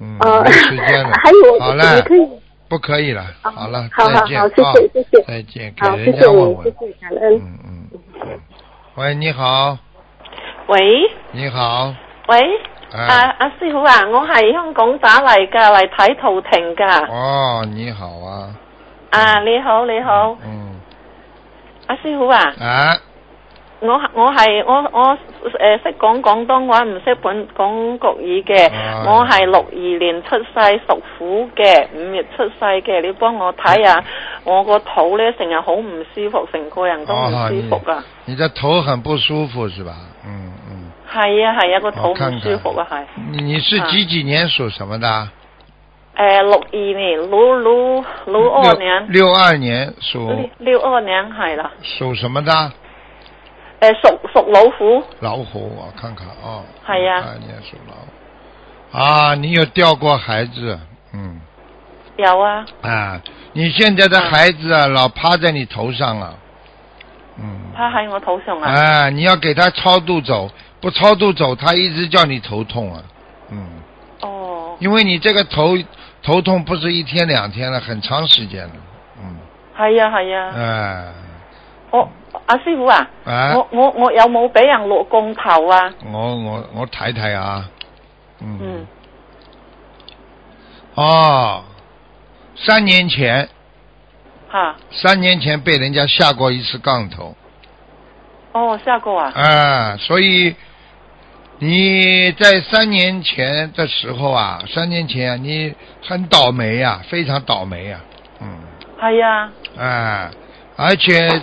嗯，哦、沒時間了，還有，好可不可以了，哦、好了，再見再見，感謝我謝謝，我謝，謝，謝，謝感恩，嗯嗯，喂，你好，喂，你好，喂，啊，阿、uh, 啊、師傅啊，我係香港打嚟噶嚟睇陶婷噶，哦，你好啊，啊、uh,，你好你好，嗯，阿師傅啊，啊。我我係我我誒識,識講廣東話唔識本講國語嘅，oh, 我係六二年出世屬虎嘅，五月出世嘅。你幫我睇下，我個肚咧成日好唔舒服，成個人都唔舒服㗎。你、oh, 只頭很不舒服是吧？嗯嗯。係啊係啊，個、啊、肚唔舒服啊係。你是幾幾年屬什麼的？誒、 呃，六二年，六六六二年。六二年屬。六,六二年係啦。屬什麼的？屬、呃、老虎。老虎，我看看、哦、啊。係、嗯、啊。你也屬老虎。啊，你有掉過孩子？嗯。有啊。啊，你現在的孩子啊，嗯、老趴在你頭上啊。嗯。趴在我頭上啊，啊。你要給他超度走，不超度走，他一直叫你頭痛啊。嗯。哦。因為你這個頭頭痛，不是一天兩天了、啊，很長時間了、啊。嗯。係啊，係啊。哎、啊，哦。阿、啊、師傅啊，啊我我我有冇俾人落杠頭啊？我我我睇睇啊，嗯，嗯，哦，三年前，哈，三年前被人家下過一次杠頭。哦，下過啊。啊，所以你在三年前的時候啊，三年前、啊、你很倒霉啊，非常倒霉啊。嗯。係、哎、啊。唉。而且。啊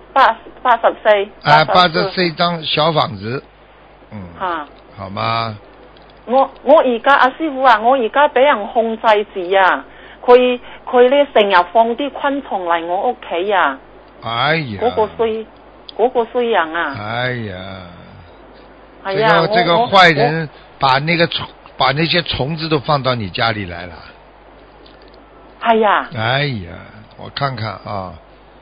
八八十四,八十四，啊，八十四張小房子，嗯，吓、啊，好嗎？我我而家阿師傅話、啊、我而家俾人控制住啊！佢佢咧成日放啲昆蟲嚟我屋企啊！哎呀，嗰、那個衰，嗰、那個衰人啊！哎呀，哎呀，這個、我我我。這個壞人把那個蟲，把那些蟲子都放到你家裏來了。係、哎、呀。哎呀，我看看啊。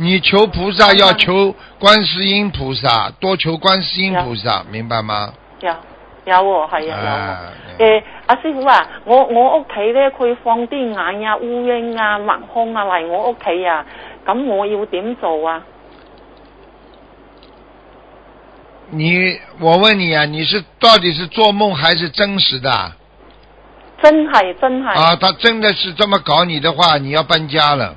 你求菩薩，要求觀世音菩薩、啊，多求觀世音菩薩，明白嗎？有有我、哦、還啊，啊有、哦。誒，阿、啊啊、師傅啊，我我屋企可以放啲蚊呀、啊、烏蠅啊、蜜蜂啊嚟我屋企呀，咁我要點做啊？你我問你啊，你是到底是做夢還是真實的？真係真係。啊，他真的是這麼搞你的話，你要搬家了。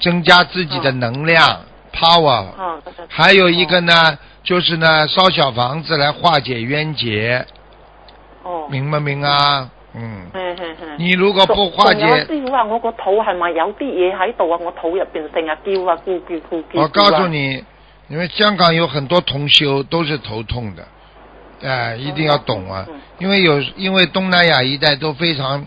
增加自己的能量、哦、，power，、哦、還有一個呢，就是呢燒小房子來化解冤結、哦，明不明啊？嗯，嘿嘿嘿你如果不化解，我師傅話我個肚係咪有啲嘢喺度啊？我肚入邊成日叫啊！我告訴你，因為香港有很多同修都是頭痛的，哎、呃，一定要懂啊！因為有因為東南亞一帶都非常。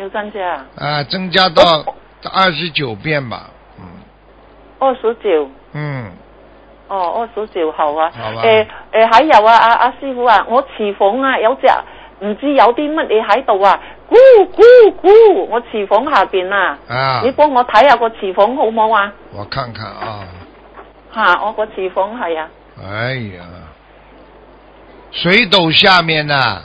要增加啊？啊，增加到二十九遍吧、嗯。二十九。嗯。哦，二十九好啊。好啊。誒、欸、誒，喺、欸、有啊，阿、啊、阿、啊、師傅啊，我廚房啊有隻唔知有啲乜嘢喺度啊，咕咕咕，我廚房下邊啊，啊，你幫我睇下個廚房好唔好啊？我看看啊。吓、啊，我個廚房係啊。哎呀，水斗下面啊。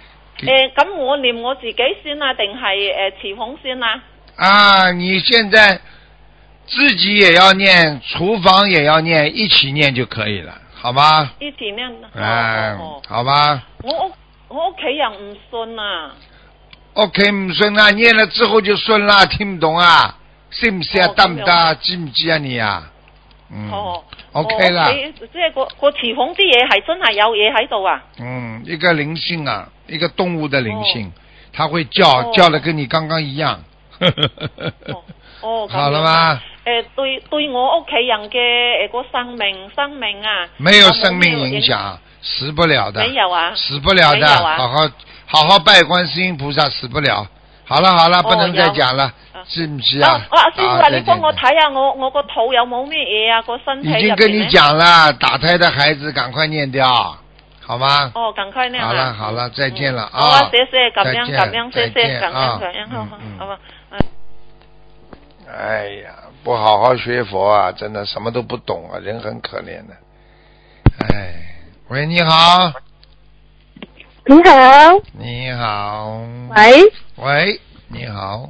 誒，咁我念我自己先啊，定係誒廚房先啊？啊，你現在自己也要念，廚房也要念，一起念就可以了，好嗎？一起念。哎、嗯哦哦哦，好吧。我屋我屋企人唔信啊。OK，唔信啊，念了之後就信啦，聽唔懂啊？信唔信啊？得唔得啊？知唔知啊？你啊？嗯、哦，OK 啦。即係個個池孔啲嘢係真係有嘢喺度啊！嗯，一個靈性啊，一個動物的靈性，它、哦、會叫、哦，叫得跟你剛剛一樣。 哦，哦，哦，好了嗎？誒、呃，對對我屋企人嘅誒個生命，生命啊，沒有生命影響，死不了的。沒有啊？死不了的，啊、好好好好拜觀世音菩薩，死不了。好了好了，不能再講了。哦是不是啊？我阿師傅啊，你幫我睇下、啊、我、啊、我，我個肚有冇咩嘢啊？個身體已經跟你講啦，打胎的孩子趕快念掉，好嗎？哦，趕快念掉、啊。好了好了，再見了啊！啊、嗯哦，謝謝，感恩，感恩，謝謝，感恩，感、啊、恩、啊嗯，好好、嗯、哎呀，不好好學佛啊，真的什麼都不懂啊，人很可憐的、啊。哎，喂你，你好。你好。你好。喂。喂，你好。